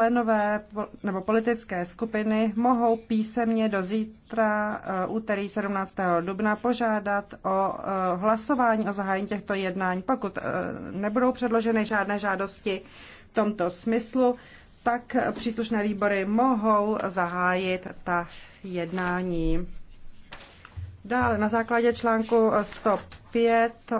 členové nebo politické skupiny mohou písemně do zítra, eh, úterý 17. dubna, požádat o eh, hlasování o zahájení těchto jednání. Pokud eh, nebudou předloženy žádné žádosti v tomto smyslu, tak příslušné výbory mohou zahájit ta jednání. Dále na základě článku 105